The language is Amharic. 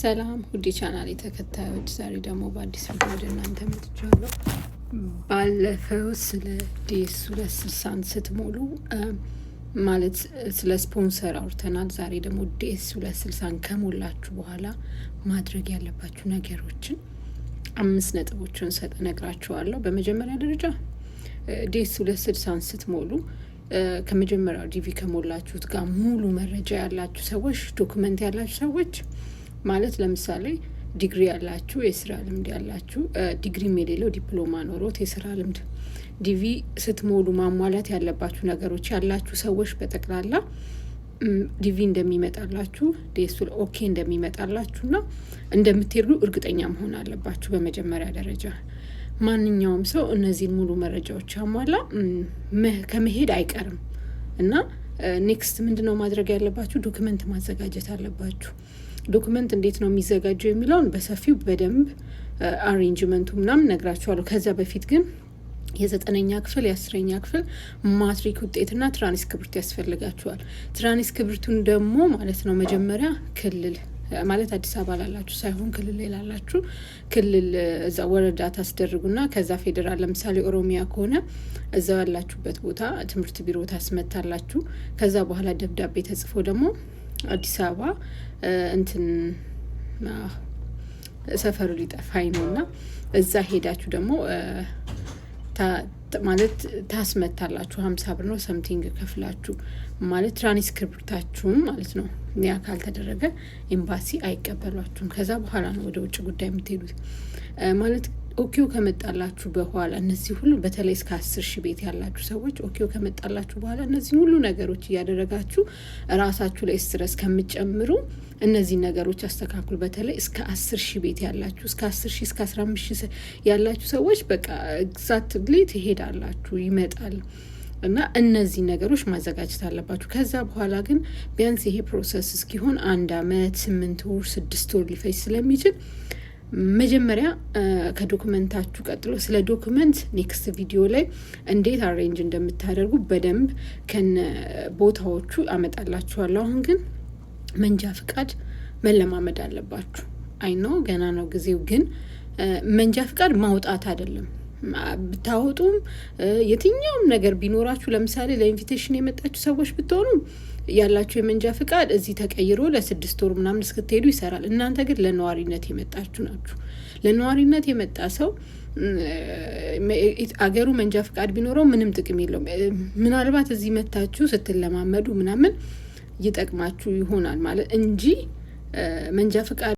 ሰላም ሁዴ ቻናል ተከታዮች፣ ዛሬ ደግሞ በአዲስ ቪዲዮ ወደ እናንተ መጥቻለሁ። ባለፈው ስለ ዲኤስ ሁለት ስልሳን ስትሞሉ ማለት ስለ ስፖንሰር አውርተናል። ዛሬ ደግሞ ዲኤስ ሁለት ስልሳን ከሞላችሁ በኋላ ማድረግ ያለባችሁ ነገሮችን አምስት ነጥቦችን ሰጠ ነግራችኋለሁ። በመጀመሪያ ደረጃ ዲኤስ ሁለት ስልሳን ስትሞሉ ከመጀመሪያው ዲቪ ከሞላችሁት ጋር ሙሉ መረጃ ያላችሁ ሰዎች፣ ዶክመንት ያላችሁ ሰዎች ማለት ለምሳሌ ዲግሪ ያላችሁ የስራ ልምድ ያላችሁ፣ ዲግሪም የሌለው ዲፕሎማ ኖሮት የስራ ልምድ ዲቪ ስትሞሉ ማሟላት ያለባችሁ ነገሮች ያላችሁ ሰዎች በጠቅላላ ዲቪ እንደሚመጣላችሁ ዴሱል ኦኬ እንደሚመጣላችሁና እንደምትሄዱ እርግጠኛ መሆን አለባችሁ። በመጀመሪያ ደረጃ ማንኛውም ሰው እነዚህን ሙሉ መረጃዎች ያሟላ ከመሄድ አይቀርም እና ኔክስት ምንድነው ማድረግ ያለባችሁ? ዶክመንት ማዘጋጀት አለባችሁ። ዶክመንት እንዴት ነው የሚዘጋጀው የሚለውን በሰፊው በደንብ አሬንጅመንቱ ምናምን ነግራችኋለሁ። ከዚያ በፊት ግን የዘጠነኛ ክፍል የአስረኛ ክፍል ማትሪክ ውጤትና ክብርት ያስፈልጋችኋል። ክብርቱን ደግሞ ማለት ነው መጀመሪያ ክልል ማለት አዲስ አበባ ላላችሁ ሳይሆን ክልል ላላችሁ ክልል እዛ ወረዳ ታስደርጉና ከዛ ፌዴራል ለምሳሌ ኦሮሚያ ከሆነ እዛ ያላችሁበት ቦታ ትምህርት ቢሮ ታስመታላችሁ። ከዛ በኋላ ደብዳቤ ተጽፎ ደግሞ አዲስ አበባ እንትን ሰፈሩ ሊጠፋኝ ነው እና እዛ ሄዳችሁ ደግሞ ማለት ታስመታላችሁ። ሀምሳ ብር ነው ሰምቲንግ ከፍላችሁ ማለት ትራንስክሪፕታችሁም ማለት ነው። ያ ካልተደረገ ኤምባሲ አይቀበሏችሁም። ከዛ በኋላ ነው ወደ ውጭ ጉዳይ የምትሄዱት ማለት ኦኪዮ ከመጣላችሁ በኋላ እነዚህ ሁሉ በተለይ እስከ አስር ሺህ ቤት ያላችሁ ሰዎች ኦኪዮ ከመጣላችሁ በኋላ እነዚህ ሁሉ ነገሮች እያደረጋችሁ ራሳችሁ ላይ ስትረስ ከምጨምሩ እነዚህ ነገሮች አስተካክሉ። በተለይ እስከ አስር ሺህ ቤት ያላችሁ እስከ አስር ሺህ እስከ አስራ አምስት ሺህ ያላችሁ ሰዎች በቃ ኤግዛክትሊ ትሄዳላችሁ ይመጣል። እና እነዚህ ነገሮች ማዘጋጀት አለባችሁ። ከዛ በኋላ ግን ቢያንስ ይሄ ፕሮሰስ እስኪሆን አንድ አመት ስምንት ወር ስድስት ወር ሊፈጅ ስለሚችል መጀመሪያ ከዶክመንታችሁ ቀጥሎ ስለ ዶክመንት ኔክስት ቪዲዮ ላይ እንዴት አሬንጅ እንደምታደርጉ በደንብ ከነ ቦታዎቹ አመጣላችኋለሁ። አሁን ግን መንጃ ፍቃድ መለማመድ አለባችሁ። አይ ነው ገና ነው ጊዜው፣ ግን መንጃ ፍቃድ ማውጣት አይደለም ብታወጡም የትኛውም ነገር ቢኖራችሁ፣ ለምሳሌ ለኢንቪቴሽን የመጣችሁ ሰዎች ብትሆኑ ያላችሁ የመንጃ ፍቃድ እዚህ ተቀይሮ ለስድስት ወር ምናምን እስክትሄዱ ይሰራል። እናንተ ግን ለነዋሪነት የመጣችሁ ናችሁ። ለነዋሪነት የመጣ ሰው አገሩ መንጃ ፍቃድ ቢኖረው ምንም ጥቅም የለውም። ምናልባት እዚህ መታችሁ ስትለማመዱ ምናምን ይጠቅማችሁ ይሆናል ማለት እንጂ መንጃ ፍቃድ